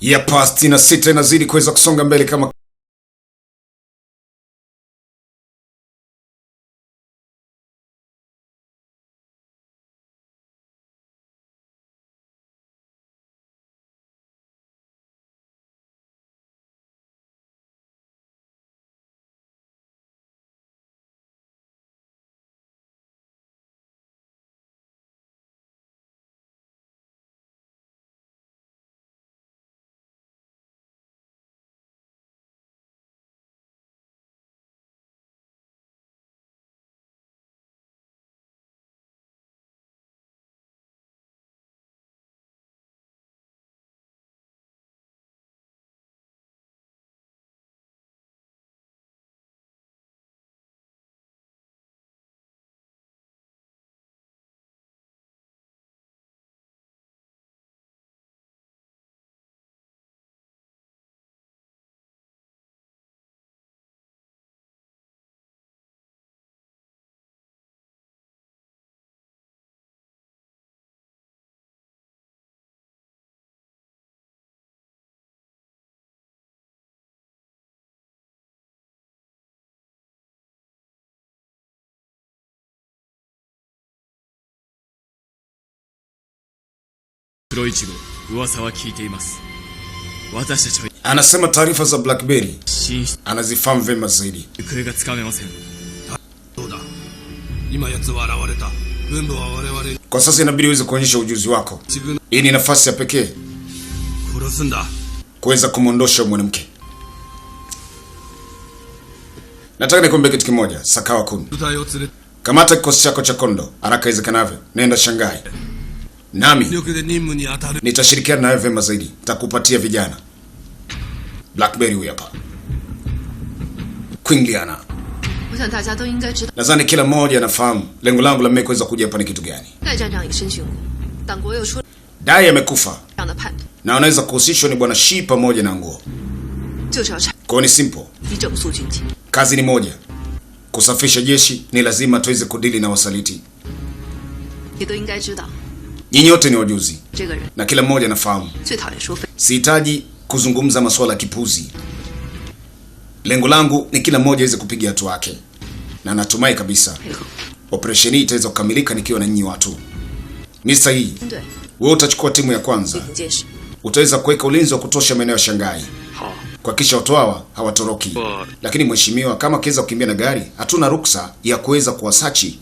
ya past na sita inazidi kuweza kusonga mbele kama Anasema taarifa za BlackBerry anazifahamu vema zaidi. Kwa sasa inabidi uweze kuonyesha ujuzi wako. Hii ni nafasi ya pekee kuweza kumwondosha mwanamke. Nataka nikuambie kitu kimoja, Sakawa kuni. Kamata kikosi chako cha Kondo haraka iwezekanavyo, nenda Shanghai nami nitashirikiana nawe vema zaidi, nitakupatia vijana Blackberry. Huyu hapa kuingiana, Nadhani kila mmoja anafahamu lengo langu la mimi kuweza kuja hapa ni kitu gani. Dai amekufa na anaweza kuhusishwa ni bwana Shi pamoja na nguo. Kwa ni simple. Kazi ni moja, kusafisha jeshi. Ni lazima tuweze kudili na wasaliti. Nyinyi wote ni wajuzi na kila mmoja anafahamu. Sihitaji kuzungumza masuala ya kipuzi. Lengo langu ni kila mmoja aweze kupiga hatua yake, na natumai kabisa operesheni hii itaweza kukamilika nikiwa na nyinyi watu. Mr. Yi, wewe utachukua timu ya kwanza, utaweza kuweka ulinzi wa kutosha maeneo ya Shanghai kuhakikisha watu hawa hawatoroki. Lakini mheshimiwa, kama akiweza kukimbia na gari, hatuna ruksa ya kuweza kuwasachi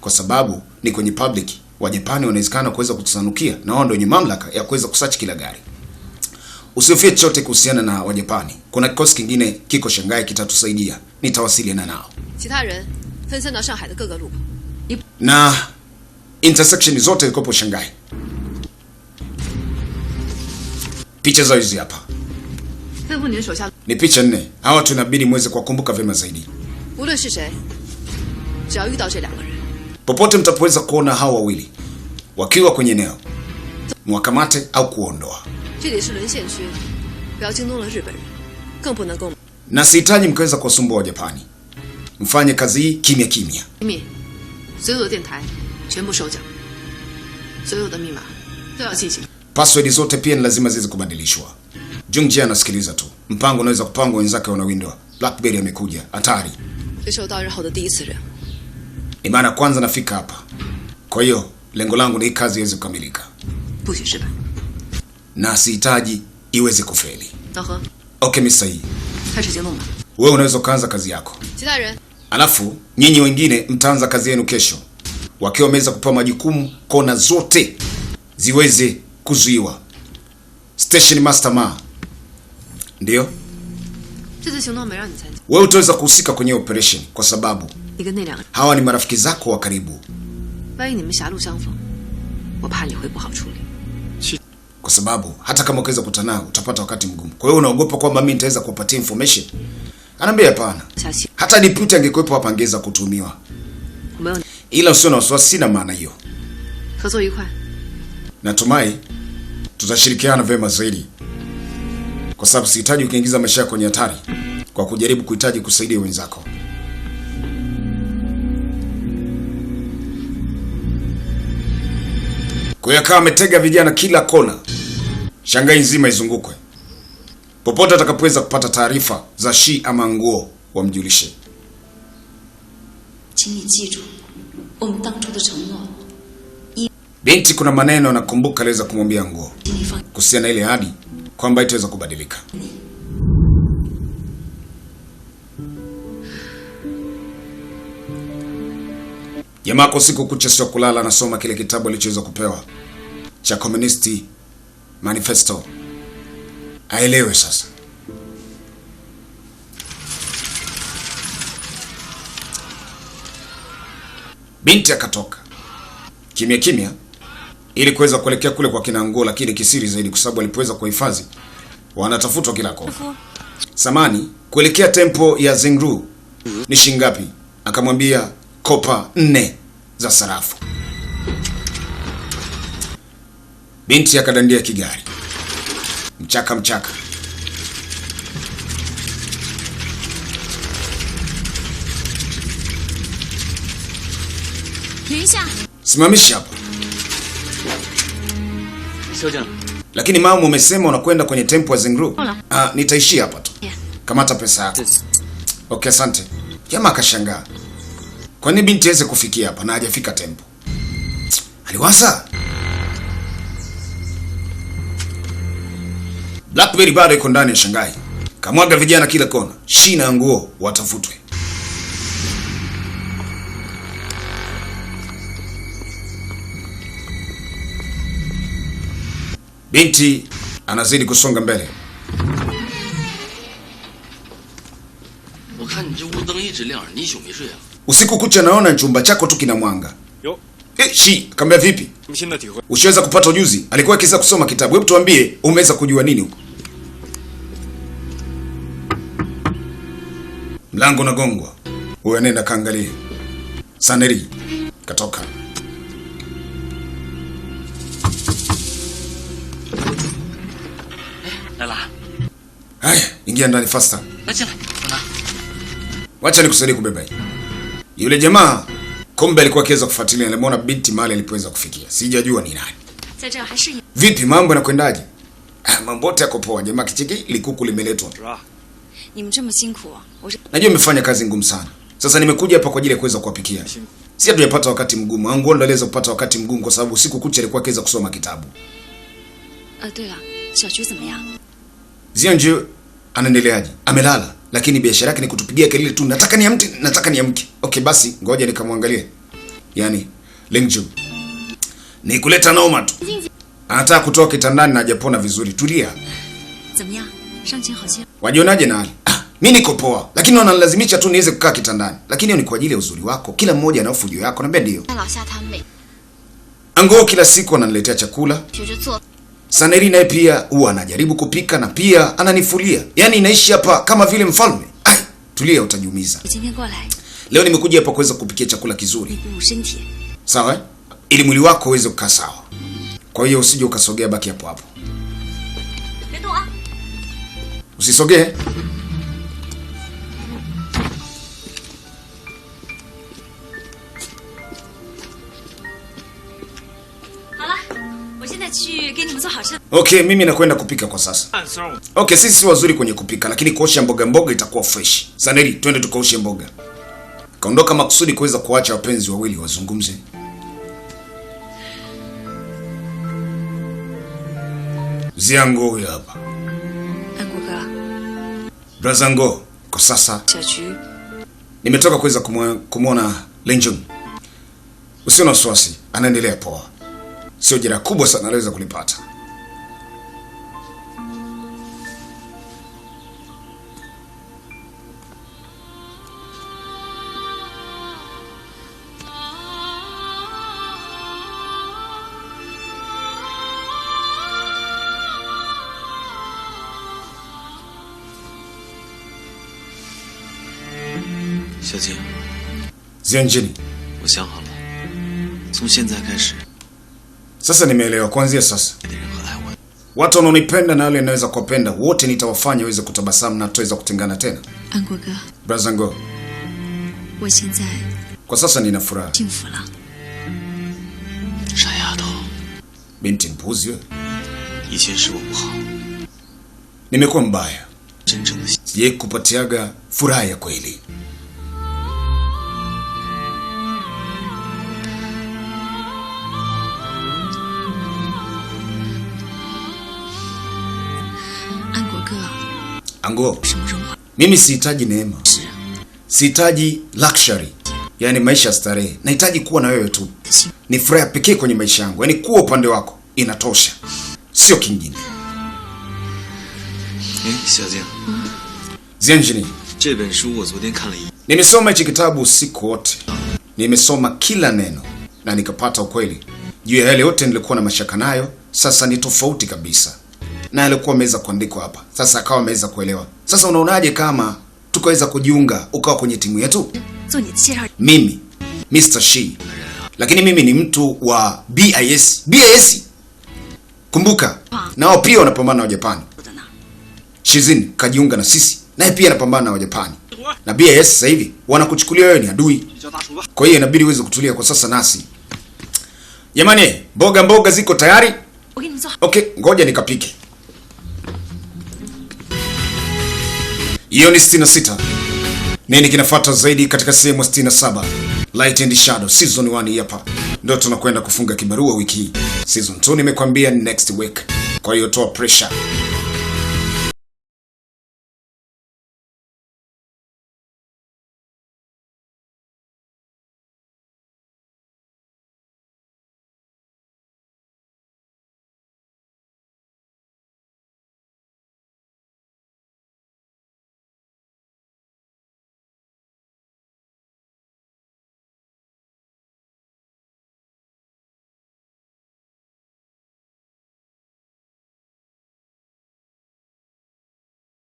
kwa sababu ni kwenye public Wajapani wanawezekana kuweza kutusanukia na wao ndio wenye mamlaka ya kuweza kusearch kila gari. Usifie chochote kuhusiana na Wajapani. Kuna kikosi kingine kiko Shanghai kitatusaidia. Nitawasiliana nao. Na intersection zote zikopo Shanghai. Picha zao hizi hapa. Ni picha nne. Hawa tunabidi muweze kuwakumbuka vyema zaidi. Popote mtapoweza kuona hawa wawili wakiwa kwenye eneo mwakamate au kuondoa. Na sihitaji mkaweza kuwasumbua wa Japani, mfanye kazi hii kimya kimya. Password zote pia ni lazima ziweze kubadilishwa. Jungji anasikiliza tu, mpango unaweza kupangwa, wenzake wana Blackberry amekuja, hatari. Ni mara kwanza nafika hapa, kwa hiyo lengo langu ni kazi iweze kukamilika na sihitaji iweze kufeli. Okay, Misai, wewe unaweza ukaanza kazi yako, alafu nyinyi wengine mtaanza kazi yenu kesho, wakiwa wameweza kupewa majukumu kona zote ziweze kuzuiwa. Station Master Ma, ndio wewe utaweza kuhusika kwenye operation kwa sababu hawa ni marafiki zako wa karibu. 万一你们狭路相逢，我怕你会不好处理，kwa sababu hata kama ukiweza kutana utapata wakati mgumu. Kwa hiyo unaogopa kwamba mimi nitaweza information? hapana, hata angekuwepo hapa angeweza kutumiwa, ila usio na wasiwasi, sina maana hiyo. Natumai tutashirikiana zaidi, kwa sababu sihitaji ukiingiza maisha yako kwenye hatari kwa kujaribu kuhitaji kusaidia wenzako. Kwa hiyo akawa ametega vijana kila kona, Shanghai nzima izungukwe, popote atakapoweza kupata taarifa za Shi ama nguo wamjulishe. Binti kuna maneno anakumbuka aliweza kumwambia nguo kuhusiana ile hadi kwamba itaweza kubadilika. Jamaa kwa siku kucha sio kulala, anasoma kile kitabu alichoweza kupewa cha Communist Manifesto aelewe sasa. Binti akatoka kimya kimya ili kuweza kuelekea kule kwa kina nguo, lakini kisiri zaidi, kwa sababu alipoweza kuhifadhi wanatafutwa kila kona. Samani kuelekea tempo ya zingru ni shingapi? Akamwambia kopa nne za sarafu. Binti akadandia kigari mchaka mchaka. Simamisha hapa. Lakini mama, umesema unakwenda kwenye temple Zing Zengru. Ah, nitaishia hapa tu. Kamata pesa yako. Okay, asante. Jamaa akashangaa, kwani binti aweze kufikia hapa na hajafika temple? Aliwasa Blackberry bado iko ndani ya Shanghai. Kamwaga vijana kila kona, shina nguo watafutwe. Binti anazidi kusonga mbele. Usiku kucha naona chumba chako tu kina mwanga. Eh, shi, kambia vipi? Ushiweza kupata ujuzi? Alikuwa akiweza kusoma kitabu. Hebu tuambie umeweza kujua nini huko? Mlango na gongwa, huyo nenda kaangalie. Saneri katoka Lala. Haya, ingia ndani faster. Wacha nikusaidie kubeba hii. Yule jamaa kumbe alikuwa akiweza kufuatilia, alimuona binti mahali alipoweza kufikia. Sijajua ni nani. Vipi mambo yanakwendaje? Ah, mambo yote yako poa. Jamaa kicheki likuku limeletwa ni 你们这么辛苦啊！我是 najua umefanya kazi ngumu sana. Sasa nimekuja hapa kwa ajili ya kuweza kuwapikia. Si hatujapata wakati mgumu. Angu ndo aliweza kupata wakati mgumu kwa sababu siku kucha alikuwa akiweza kusoma kitabu. 呃，对了，小菊怎么样？Zianju anaendeleaje? Amelala, lakini biashara yake ni kutupigia kelele tu, nataka ni amke nataka ni amke Okay, basi ngoja nikamwangalie. Yaani Lingju ni kuleta noma tu, anataka kutoka kitandani na hajapona vizuri. Tulia. 怎么样？Wajionaje na ah, Mi niko poa, lakini wananilazimisha tu niweze kukaa kitandani. Lakini hiyo ni kwa ajili ya uzuri wako, kila mmoja ana fujo yako, naambia ndio. Angoo kila siku ananiletea chakula. Saneri naye pia huwa anajaribu kupika na pia ananifulia. Yaani inaishi hapa kama vile mfalme. Ai, ah, tulia utajiumiza. Leo nimekuja hapa kuweza kupikia chakula kizuri. Sawa? Ili mwili wako uweze kukaa sawa. Kwa hiyo usije ukasogea, baki hapo hapo. Usisogee. Okay, mimi nakwenda kupika kwa sasa. Okay, sisi si wazuri kwenye kupika, lakini kuosha mboga mboga itakuwa fresh. Saneri, twende tukaoshe mboga. Kaondoka makusudi kuweza kuacha wapenzi wawili wazungumze. Ziangu huyo hapa brazango kwa sasa nimetoka kuweza kumwona Lenjun. Usio na wasiwasi, anaendelea poa, sio jeraha kubwa sana anaweza kulipata. 小姐，Zen chini. nimeelewa, kuanzia watu wanaonipenda na wale anaweza kuwapenda wote nitawafanya waweze kutabasamu na tutaweza kutengana tena. Brazango. kwa sasa nina furaha. Binti mpuzi wewe, mbaya, yekupatiaga kupatiaga furaha ya kweli. mchango? Mimi sihitaji neema, sihitaji luxury, yani maisha ya starehe. Nahitaji kuwa na wewe tu, ni furaha pekee kwenye maisha yangu, yani kuwa upande wako inatosha, sio kingine. Eh, nimesoma hichi kitabu usiku wote, nimesoma kila neno na nikapata ukweli juu ya yale yote nilikuwa na mashaka nayo. Sasa ni tofauti kabisa na alikuwa ameweza kuandikwa hapa, sasa akawa ameweza kuelewa. Sasa unaonaje kama tukaweza kujiunga ukawa kwenye timu yetu? Mimi Mr. Shi, lakini mimi ni mtu wa BIS. BIS kumbuka, nao pia wanapambana na Wajapani. Shizin kajiunga na sisi, naye pia anapambana na Wajapani na BIS sasa hivi wanakuchukulia wewe ni adui, kwa hiyo inabidi uweze kutulia kwa sasa nasi. Jamani, mboga mboga ziko tayari. Okay, ngoja nikapike. hiyo ni 66. Nini kinafuata zaidi katika sehemu 67 Light and Shadow season 1 hapa ndio tunakwenda kufunga kibarua wiki hii. Season 2 nimekwambia next week, kwa hiyo toa pressure.